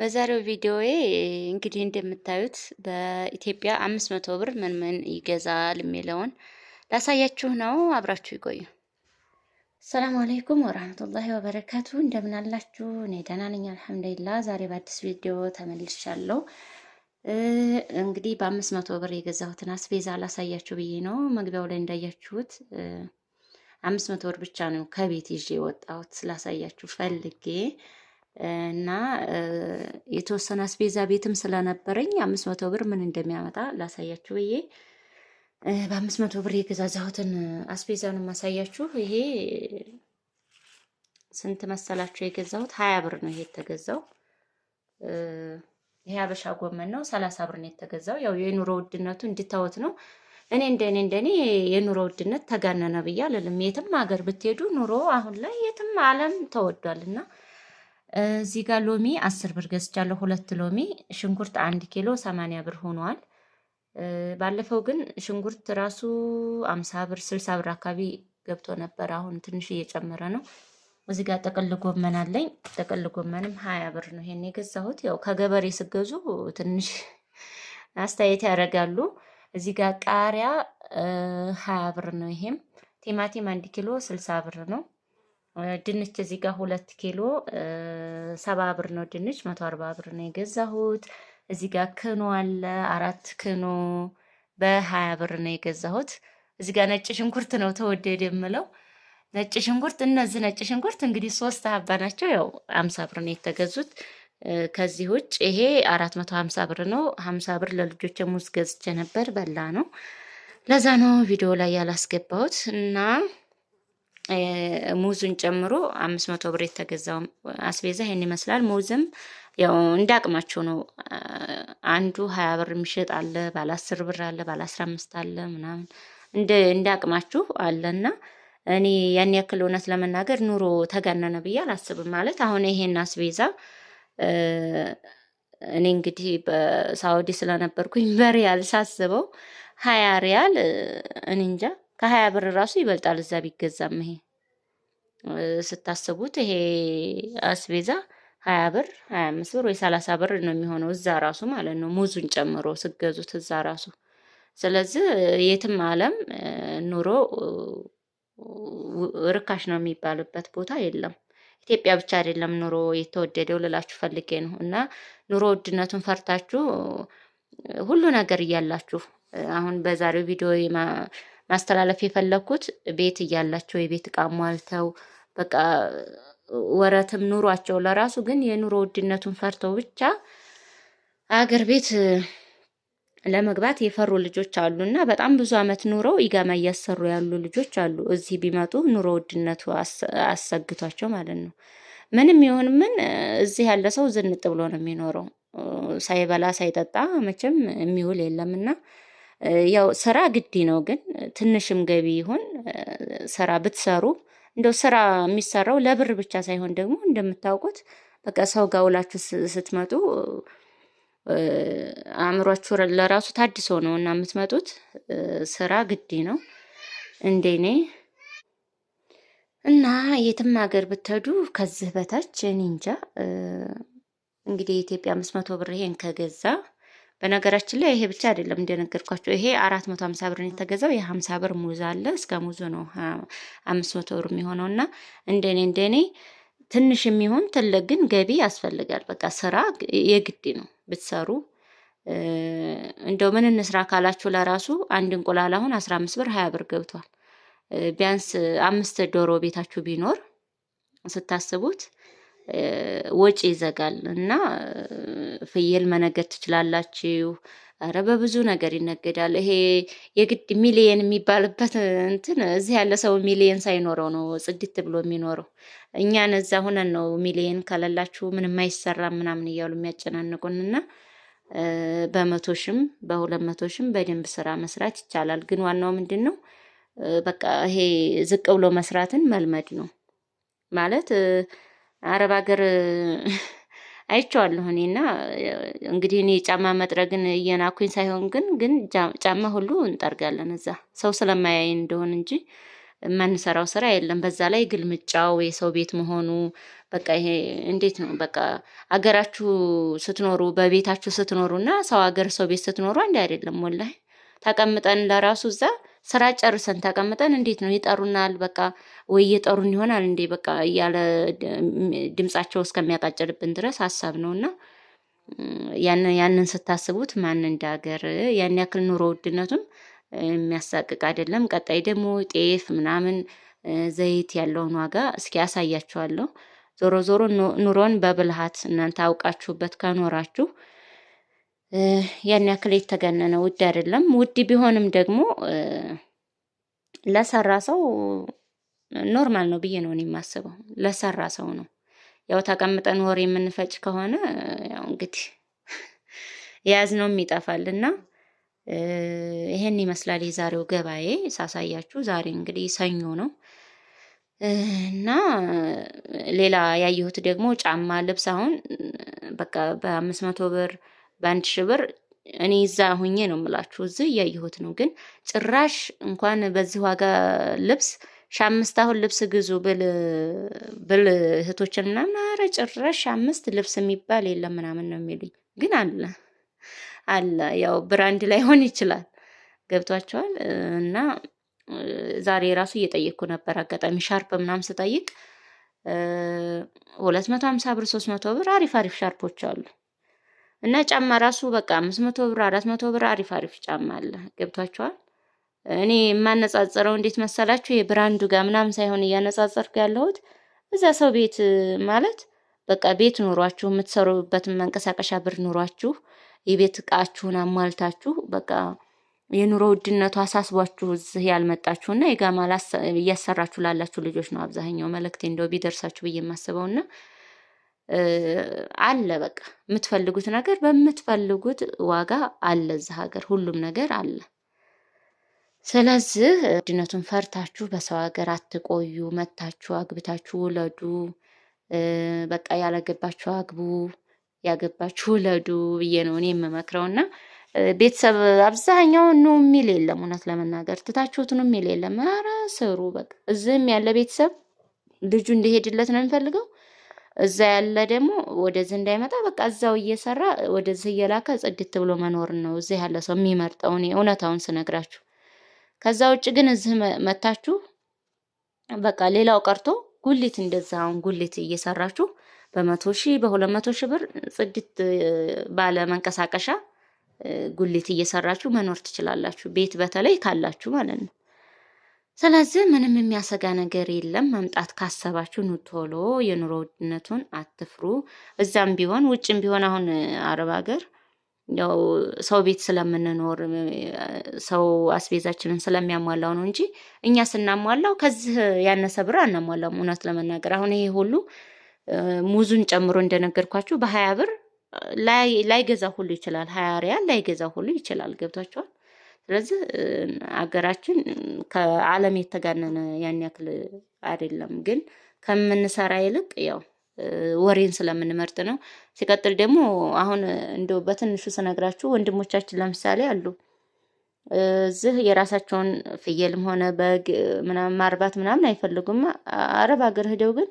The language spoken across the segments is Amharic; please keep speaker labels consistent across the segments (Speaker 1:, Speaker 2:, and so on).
Speaker 1: በዛሬው ቪዲዮዬ እንግዲህ እንደምታዩት በኢትዮጵያ አምስት መቶ ብር ምን ምን ይገዛል የሚለውን ላሳያችሁ ነው። አብራችሁ ይቆዩ። ሰላም አለይኩም ወራህመቱላሂ ወበረካቱ። እንደምን አላችሁ? እኔ ደህና ነኝ አልሐምዱሊላ። ዛሬ በአዲስ ቪዲዮ ተመልሻለሁ። እንግዲህ በአምስት መቶ ብር የገዛሁትን አስቤዛ ላሳያችሁ ብዬ ነው። መግቢያው ላይ እንዳያችሁት አምስት መቶ ብር ብቻ ነው ከቤት ይዤ የወጣሁት ስላሳያችሁ ፈልጌ እና የተወሰነ አስቤዛ ቤትም ስለነበረኝ አምስት መቶ ብር ምን እንደሚያመጣ ላሳያችሁ ብዬ በአምስት መቶ ብር የገዛዛሁትን አስቤዛ ነው የማሳያችሁ። ይሄ ስንት መሰላችሁ የገዛሁት? ሀያ ብር ነው ይሄ የተገዛው። ይሄ አበሻ ጎመን ነው፣ ሰላሳ ብር ነው የተገዛው። ያው የኑሮ ውድነቱ እንድታወት ነው። እኔ እንደኔ እንደኔ የኑሮ ውድነት ተጋነነ ብዬ አልልም። የትም ሀገር ብትሄዱ ኑሮ አሁን ላይ የትም ዓለም ተወዷልና እዚህ ጋር ሎሚ አስር ብር ገዝቻለሁ። ሁለት ሎሚ ሽንኩርት አንድ ኪሎ ሰማንያ ብር ሆኗል። ባለፈው ግን ሽንኩርት ራሱ አምሳ ብር ስልሳ ብር አካባቢ ገብቶ ነበር። አሁን ትንሽ እየጨመረ ነው። እዚህ ጋር ጥቅል ጎመን አለኝ። ጥቅል ጎመንም ሀያ ብር ነው ይሄን የገዛሁት። ያው ከገበሬ ስገዙ ትንሽ አስተያየት ያደርጋሉ። እዚህ ጋር ቃሪያ ሀያ ብር ነው። ይሄም ቲማቲም አንድ ኪሎ ስልሳ ብር ነው። ድንች እዚህ ጋር ሁለት ኪሎ ሰባ ብር ነው። ድንች መቶ አርባ ብር ነው የገዛሁት። እዚህ ጋር ክኖ አለ አራት ክኖ በሀያ ብር ነው የገዛሁት። እዚህ ጋር ነጭ ሽንኩርት ነው ተወደድ የምለው ነጭ ሽንኩርት። እነዚህ ነጭ ሽንኩርት እንግዲህ ሶስት ሀባ ናቸው። ያው አምሳ ብር ነው የተገዙት። ከዚህ ውጭ ይሄ አራት መቶ ሀምሳ ብር ነው። ሀምሳ ብር ለልጆች ሙዝ ገዝቼ ነበር በላ ነው። ለዛ ነው ቪዲዮ ላይ ያላስገባሁት እና ሙዙን ጨምሮ አምስት መቶ ብር የተገዛው አስቤዛ ይሄን ይመስላል። ሙዝም ያው እንደ አቅማቸው ነው። አንዱ ሀያ ብር የሚሸጥ አለ፣ ባለ አስር ብር አለ፣ ባለ አስራ አምስት አለ ምናምን እንደ እንደ አቅማችሁ አለ አለና እኔ ያን ያክል እውነት ለመናገር ኑሮ ተጋነነ ብዬ አላስብም። ማለት አሁን ይሄን አስቤዛ እኔ እንግዲህ በሳውዲ ስለነበርኩኝ በሪያል ሳስበው ሀያ ሪያል እኔ እንጃ ከሀያ ብር ራሱ ይበልጣል እዛ ቢገዛም። ይሄ ስታስቡት ይሄ አስቤዛ ሀያ ብር ሀያ አምስት ብር ወይ ሰላሳ ብር ነው የሚሆነው እዛ ራሱ ማለት ነው ሙዙን ጨምሮ ስገዙት እዛ ራሱ። ስለዚህ የትም ዓለም ኑሮ ርካሽ ነው የሚባልበት ቦታ የለም። ኢትዮጵያ ብቻ አይደለም ኑሮ የተወደደው ልላችሁ ፈልጌ ነው። እና ኑሮ ውድነቱን ፈርታችሁ ሁሉ ነገር እያላችሁ አሁን በዛሬው ቪዲዮ ማስተላለፍ የፈለግኩት ቤት እያላቸው የቤት እቃ ሟልተው በቃ ወረትም ኑሯቸው ለራሱ ግን የኑሮ ውድነቱን ፈርተው ብቻ አገር ቤት ለመግባት የፈሩ ልጆች አሉ እና በጣም ብዙ አመት ኑረው ኢጋማ እያሰሩ ያሉ ልጆች አሉ። እዚህ ቢመጡ ኑሮ ውድነቱ አሰግቷቸው ማለት ነው። ምንም ይሁን ምን እዚህ ያለ ሰው ዝንጥ ብሎ ነው የሚኖረው። ሳይበላ ሳይጠጣ መቼም የሚውል የለም እና? ያው ስራ ግዲ ነው፣ ግን ትንሽም ገቢ ይሁን ስራ ብትሰሩ እንደው ስራ የሚሰራው ለብር ብቻ ሳይሆን ደግሞ እንደምታውቁት በቃ ሰው ጋር ውላችሁ ስትመጡ አእምሯችሁ ለራሱ ታድሶ ነው እና የምትመጡት። ስራ ግዲ ነው እንደኔ እና የትም ሀገር ብትሄዱ ከዚህ በታች እኔ እንጃ እንግዲህ የኢትዮጵያ አምስት መቶ ብር ይሄን ከገዛ በነገራችን ላይ ይሄ ብቻ አይደለም እንደነገርኳቸው ይሄ አራት መቶ ሀምሳ ብር የተገዛው የሀምሳ ብር ሙዝ አለ እስከ ሙዙ ነው አምስት መቶ ብር የሚሆነው እና እንደኔ እንደኔ ትንሽ የሚሆን ትልቅ ግን ገቢ ያስፈልጋል። በቃ ስራ የግድ ነው ብትሰሩ እንደው ምን እንስራ ካላችሁ ለራሱ አንድ እንቁላል አሁን አስራ አምስት ብር ሀያ ብር ገብቷል። ቢያንስ አምስት ዶሮ ቤታችሁ ቢኖር ስታስቡት ወጪ ይዘጋል እና ፍየል መነገድ ትችላላችሁ። ኧረ በብዙ ነገር ይነገዳል። ይሄ የግድ ሚሊየን የሚባልበት እንትን እዚህ ያለ ሰው ሚሊየን ሳይኖረው ነው ጽድት ብሎ የሚኖረው። እኛን እዛ ሁነን ነው ሚሊየን ከሌላችሁ ምንም አይሰራ ምናምን እያሉ እና በመቶ ሺም በሁለት መቶ ሺም በደንብ ስራ መስራት ይቻላል። ግን ዋናው ምንድን ነው በቃ ይሄ ዝቅ ብሎ መስራትን መልመድ ነው ማለት አረብ ሀገር አይቼዋለሁ እኔ እና እንግዲህ እኔ ጫማ መጥረግን እየናኩኝ ሳይሆን ግን ግን ጫማ ሁሉ እንጠርጋለን እዛ ሰው ስለማያይ እንደሆን እንጂ የማንሰራው ስራ የለም። በዛ ላይ ግልምጫው የሰው ቤት መሆኑ በቃ ይሄ እንዴት ነው? በቃ አገራችሁ ስትኖሩ በቤታችሁ ስትኖሩ እና ሰው ሀገር ሰው ቤት ስትኖሩ አንድ አይደለም። ወላሂ ተቀምጠን ለራሱ እዛ ስራ ጨርሰን ተቀምጠን እንዴት ነው ይጠሩናል፣ በቃ ወይ እየጠሩን ይሆናል እንዴ በቃ እያለ ድምጻቸው እስከሚያቃጭልብን ድረስ ሀሳብ ነው እና ያንን ስታስቡት ማን እንደ ሀገር ያን ያክል ኑሮ ውድነቱም የሚያሳቅቅ አይደለም። ቀጣይ ደግሞ ጤፍ ምናምን ዘይት ያለውን ዋጋ እስኪ ያሳያችኋለሁ። ዞሮ ዞሮ ኑሮን በብልሃት እናንተ አውቃችሁበት ከኖራችሁ ያን ያክል የተገነነ ውድ አይደለም። ውድ ቢሆንም ደግሞ ለሰራ ሰው ኖርማል ነው ብዬ ነው የማስበው። ለሰራ ሰው ነው ያው ተቀምጠን ወር የምንፈጭ ከሆነ ያው እንግዲህ የያዝነውም እና ይሄን ይመስላል የዛሬው ገበያዬ ሳሳያችሁ። ዛሬ እንግዲህ ሰኞ ነው እና ሌላ ያየሁት ደግሞ ጫማ፣ ልብስ አሁን በቃ በአምስት መቶ ብር በአንድ ሺህ ብር እኔ እዛ ሁኜ ነው የምላችሁ። እዚህ እያየሁት ነው። ግን ጭራሽ እንኳን በዚህ ዋጋ ልብስ ሻምስት አሁን ልብስ ግዙ ብል እህቶችን ምናምን፣ ኧረ ጭራሽ አምስት ልብስ የሚባል የለም ምናምን ነው የሚሉኝ። ግን አለ አለ ያው ብራንድ ሆን ይችላል። ገብቷቸዋል። እና ዛሬ ራሱ እየጠየቅኩ ነበር አጋጣሚ ሻርፕ ምናምን ስጠይቅ ሁለት መቶ ሀምሳ ብር ሶስት መቶ ብር አሪፍ አሪፍ ሻርፖች አሉ እና ጫማ ራሱ በቃ አምስት መቶ ብር አራት መቶ ብር አሪፍ አሪፍ ጫማ አለ። ገብቷቸዋል። እኔ የማነጻጽረው እንዴት መሰላችሁ? የብራንዱ ጋር ምናምን ሳይሆን እያነጻጸርኩ ያለሁት እዛ ሰው ቤት ማለት በቃ ቤት ኑሯችሁ የምትሰሩበትን መንቀሳቀሻ ብር ኑሯችሁ የቤት እቃችሁን አሟልታችሁ በቃ የኑሮ ውድነቱ አሳስቧችሁ እዚህ ያልመጣችሁ እና የጋማ እያሰራችሁ ላላችሁ ልጆች ነው አብዛኛው መልእክቴ እንደው ቢደርሳችሁ ብዬ የማስበውና አለ በቃ የምትፈልጉት ነገር በምትፈልጉት ዋጋ አለ። እዚህ ሀገር ሁሉም ነገር አለ። ስለዚህ ድነቱን ፈርታችሁ በሰው ሀገር አትቆዩ። መታችሁ አግብታችሁ ውለዱ። በቃ ያላገባችሁ አግቡ፣ ያገባችሁ ውለዱ ብዬ ነው እኔ የምመክረውና ቤተሰብ አብዛኛው ኑ የሚል የለም። እውነት ለመናገር ትታችሁት ኑ የሚል የለም። ኧረ ስሩ በቃ እዚህም ያለ ቤተሰብ ልጁ እንዲሄድለት ነው የሚፈልገው እዛ ያለ ደግሞ ወደዚህ እንዳይመጣ በቃ እዛው እየሰራ ወደዚህ እየላከ ጽድት ብሎ መኖር ነው እዚህ ያለ ሰው የሚመርጠው። እኔ እውነታውን ስነግራችሁ። ከዛ ውጭ ግን እዚህ መታችሁ በቃ ሌላው ቀርቶ ጉሊት እንደዛ አሁን ጉሊት እየሰራችሁ በመቶ ሺህ በሁለት መቶ ሺህ ብር ጽድት ባለ መንቀሳቀሻ ጉሊት እየሰራችሁ መኖር ትችላላችሁ። ቤት በተለይ ካላችሁ ማለት ነው። ስለዚህ ምንም የሚያሰጋ ነገር የለም። መምጣት ካሰባችሁ ኑ ቶሎ። የኑሮ ውድነቱን አትፍሩ። እዛም ቢሆን ውጭም ቢሆን አሁን አረብ ሀገር ያው ሰው ቤት ስለምንኖር ሰው አስቤዛችንን ስለሚያሟላው ነው እንጂ እኛ ስናሟላው ከዚህ ያነሰ ብር አናሟላውም። እውነት ለመናገር አሁን ይሄ ሁሉ ሙዙን ጨምሮ እንደነገርኳችሁ በሀያ ብር ላይገዛ ሁሉ ይችላል። ሀያ ሪያል ላይገዛ ሁሉ ይችላል። ገብቷችኋል? ስለዚህ ሀገራችን ከዓለም የተጋነነ ያን ያክል አይደለም፣ ግን ከምንሰራ ይልቅ ያው ወሬን ስለምንመርጥ ነው። ሲቀጥል ደግሞ አሁን እንደው በትንሹ ስነግራችሁ ወንድሞቻችን ለምሳሌ አሉ እዚህ የራሳቸውን ፍየልም ሆነ በግ ምናምን ማርባት ምናምን አይፈልጉም። አረብ ሀገር ሂደው ግን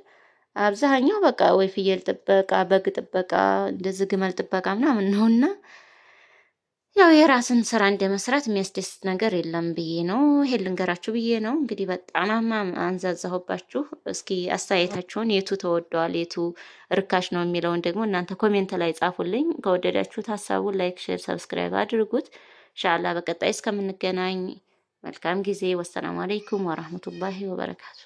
Speaker 1: አብዛኛው በቃ ወይ ፍየል ጥበቃ፣ በግ ጥበቃ፣ እንደዚህ ግመል ጥበቃ ምናምን ነውና ያው የራስን ስራ እንደ መስራት የሚያስደስት ነገር የለም ብዬ ነው ይሄ ልንገራችሁ ብዬ ነው። እንግዲህ በጣም አንዛዛሁባችሁ። እስኪ አስተያየታችሁን የቱ ተወደዋል፣ የቱ እርካሽ ነው የሚለውን ደግሞ እናንተ ኮሜንት ላይ ጻፉልኝ። ከወደዳችሁት ሀሳቡን ላይክ፣ ሼር፣ ሰብስክራይብ አድርጉት። ሻላ በቀጣይ እስከምንገናኝ መልካም ጊዜ። ወሰላሙ አለይኩም ወራህመቱላሂ ወበረካቱ።